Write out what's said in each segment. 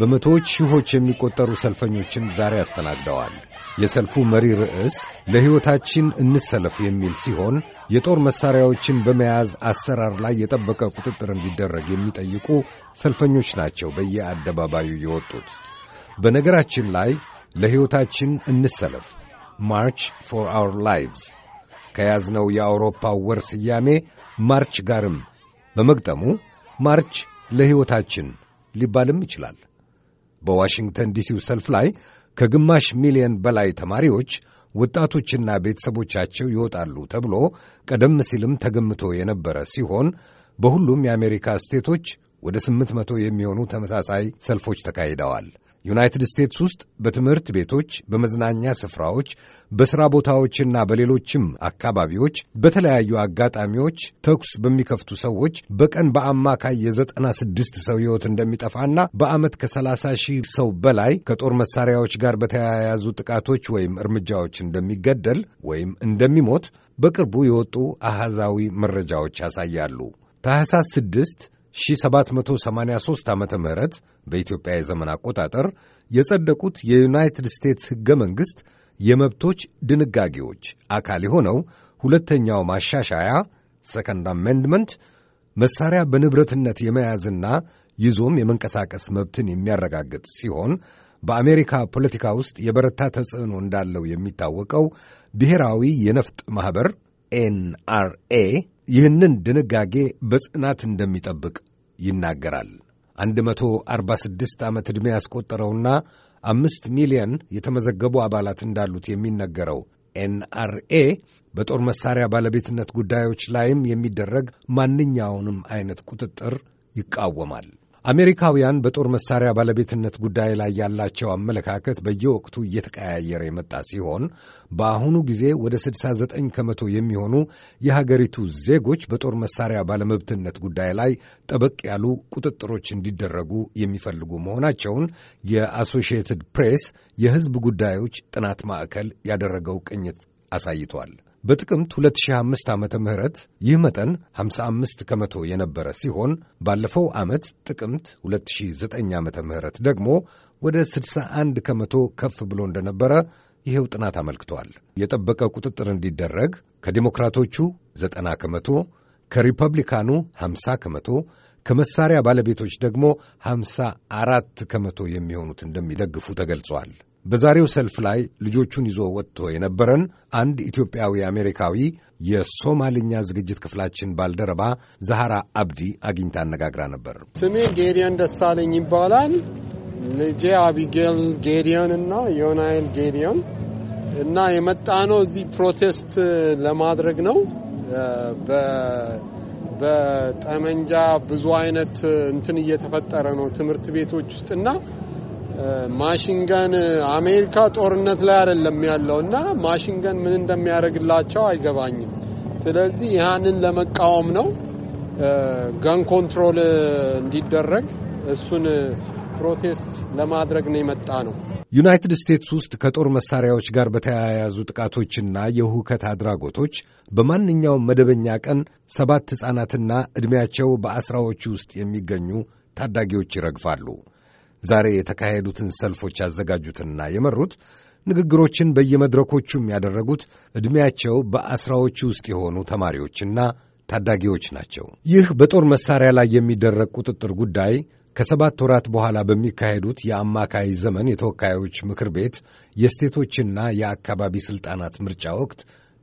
በመቶዎች ሺዎች የሚቆጠሩ ሰልፈኞችን ዛሬ አስተናግደዋል። የሰልፉ መሪ ርዕስ ለሕይወታችን እንሰለፍ የሚል ሲሆን የጦር መሣሪያዎችን በመያዝ አሰራር ላይ የጠበቀ ቁጥጥር እንዲደረግ የሚጠይቁ ሰልፈኞች ናቸው በየአደባባዩ የወጡት። በነገራችን ላይ ለሕይወታችን እንሰለፍ ማርች ፎር አውር ላይቭስ ከያዝነው የአውሮፓ ወር ስያሜ ማርች ጋርም በመግጠሙ ማርች ለሕይወታችን ሊባልም ይችላል። በዋሽንግተን ዲሲው ሰልፍ ላይ ከግማሽ ሚሊዮን በላይ ተማሪዎች ወጣቶችና ቤተሰቦቻቸው ይወጣሉ ተብሎ ቀደም ሲልም ተገምቶ የነበረ ሲሆን በሁሉም የአሜሪካ ስቴቶች ወደ ስምንት መቶ የሚሆኑ ተመሳሳይ ሰልፎች ተካሂደዋል። ዩናይትድ ስቴትስ ውስጥ በትምህርት ቤቶች፣ በመዝናኛ ስፍራዎች፣ በሥራ ቦታዎችና በሌሎችም አካባቢዎች በተለያዩ አጋጣሚዎች ተኩስ በሚከፍቱ ሰዎች በቀን በአማካይ የዘጠና ስድስት ሰው ሕይወት እንደሚጠፋና በዓመት ከሰላሳ ሺህ ሰው በላይ ከጦር መሳሪያዎች ጋር በተያያዙ ጥቃቶች ወይም እርምጃዎች እንደሚገደል ወይም እንደሚሞት በቅርቡ የወጡ አሃዛዊ መረጃዎች ያሳያሉ። ታህሳስ ስድስት 1783 ዓ ም በኢትዮጵያ የዘመን አቆጣጠር የጸደቁት የዩናይትድ ስቴትስ ሕገ መንግሥት የመብቶች ድንጋጌዎች አካል የሆነው ሁለተኛው ማሻሻያ ሰከንድ አሜንድመንት መሳሪያ በንብረትነት የመያዝና ይዞም የመንቀሳቀስ መብትን የሚያረጋግጥ ሲሆን በአሜሪካ ፖለቲካ ውስጥ የበረታ ተጽዕኖ እንዳለው የሚታወቀው ብሔራዊ የነፍጥ ማኅበር ኤንአርኤ ይህንን ድንጋጌ በጽናት እንደሚጠብቅ ይናገራል። 146 ዓመት ዕድሜ ያስቆጠረውና አምስት ሚሊዮን የተመዘገቡ አባላት እንዳሉት የሚነገረው ኤንአርኤ በጦር መሳሪያ ባለቤትነት ጉዳዮች ላይም የሚደረግ ማንኛውንም አይነት ቁጥጥር ይቃወማል። አሜሪካውያን በጦር መሳሪያ ባለቤትነት ጉዳይ ላይ ያላቸው አመለካከት በየወቅቱ እየተቀያየረ የመጣ ሲሆን በአሁኑ ጊዜ ወደ 69 ከመቶ የሚሆኑ የሀገሪቱ ዜጎች በጦር መሳሪያ ባለመብትነት ጉዳይ ላይ ጠበቅ ያሉ ቁጥጥሮች እንዲደረጉ የሚፈልጉ መሆናቸውን የአሶሺየትድ ፕሬስ የሕዝብ ጉዳዮች ጥናት ማዕከል ያደረገው ቅኝት አሳይቷል። በጥቅምት 2005 ዓ ም ይህ መጠን 55 ከመቶ የነበረ ሲሆን ባለፈው ዓመት ጥቅምት 2009 ዓ ም ደግሞ ወደ 61 ከመቶ ከፍ ብሎ እንደነበረ ይኸው ጥናት አመልክቷል። የጠበቀ ቁጥጥር እንዲደረግ ከዴሞክራቶቹ 90 ከመቶ፣ ከሪፐብሊካኑ 50 ከመቶ ከመሳሪያ ባለቤቶች ደግሞ 54 ከመቶ የሚሆኑት እንደሚደግፉ ተገልጿል። በዛሬው ሰልፍ ላይ ልጆቹን ይዞ ወጥቶ የነበረን አንድ ኢትዮጵያዊ አሜሪካዊ የሶማልኛ ዝግጅት ክፍላችን ባልደረባ ዛሃራ አብዲ አግኝታ አነጋግራ ነበር። ስሜ ጌዲዮን ደሳለኝ ይባላል። ልጄ አቢጌል ጌዲዮን እና ዮናይል ጌዲዮን እና የመጣ ነው እዚህ ፕሮቴስት ለማድረግ ነው። በጠመንጃ ብዙ አይነት እንትን እየተፈጠረ ነው ትምህርት ቤቶች ውስጥና ማሽንገን አሜሪካ ጦርነት ላይ አይደለም ያለው እና ማሽንገን ምን እንደሚያደርግላቸው አይገባኝም። ስለዚህ ይህንን ለመቃወም ነው ገን ኮንትሮል እንዲደረግ እሱን ፕሮቴስት ለማድረግ ነው የመጣ ነው። ዩናይትድ ስቴትስ ውስጥ ከጦር መሳሪያዎች ጋር በተያያዙ ጥቃቶችና የሁከት አድራጎቶች በማንኛውም መደበኛ ቀን ሰባት ሕፃናትና ዕድሜያቸው በአስራዎች ውስጥ የሚገኙ ታዳጊዎች ይረግፋሉ። ዛሬ የተካሄዱትን ሰልፎች ያዘጋጁትና የመሩት ንግግሮችን በየመድረኮቹም ያደረጉት ዕድሜያቸው በአስራዎች ውስጥ የሆኑ ተማሪዎችና ታዳጊዎች ናቸው። ይህ በጦር መሣሪያ ላይ የሚደረግ ቁጥጥር ጉዳይ ከሰባት ወራት በኋላ በሚካሄዱት የአማካይ ዘመን የተወካዮች ምክር ቤት የስቴቶችና የአካባቢ ሥልጣናት ምርጫ ወቅት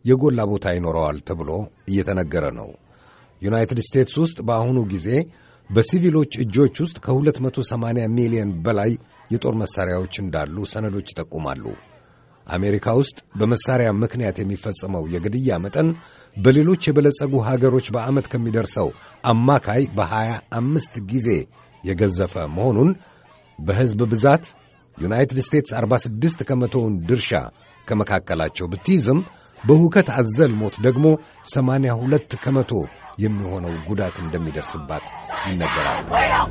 የጎላ ቦታ ይኖረዋል ተብሎ እየተነገረ ነው። ዩናይትድ ስቴትስ ውስጥ በአሁኑ ጊዜ በሲቪሎች እጆች ውስጥ ከ280 ሚሊዮን በላይ የጦር መሣሪያዎች እንዳሉ ሰነዶች ይጠቁማሉ። አሜሪካ ውስጥ በመሳሪያ ምክንያት የሚፈጸመው የግድያ መጠን በሌሎች የበለጸጉ ሀገሮች በዓመት ከሚደርሰው አማካይ በሃያ አምስት ጊዜ የገዘፈ መሆኑን በሕዝብ ብዛት ዩናይትድ ስቴትስ 46 ከመቶውን ድርሻ ከመካከላቸው ብትይዝም በሁከት አዘል ሞት ደግሞ 82 ከመቶ የሚሆነው ጉዳት እንደሚደርስባት ይነገራል።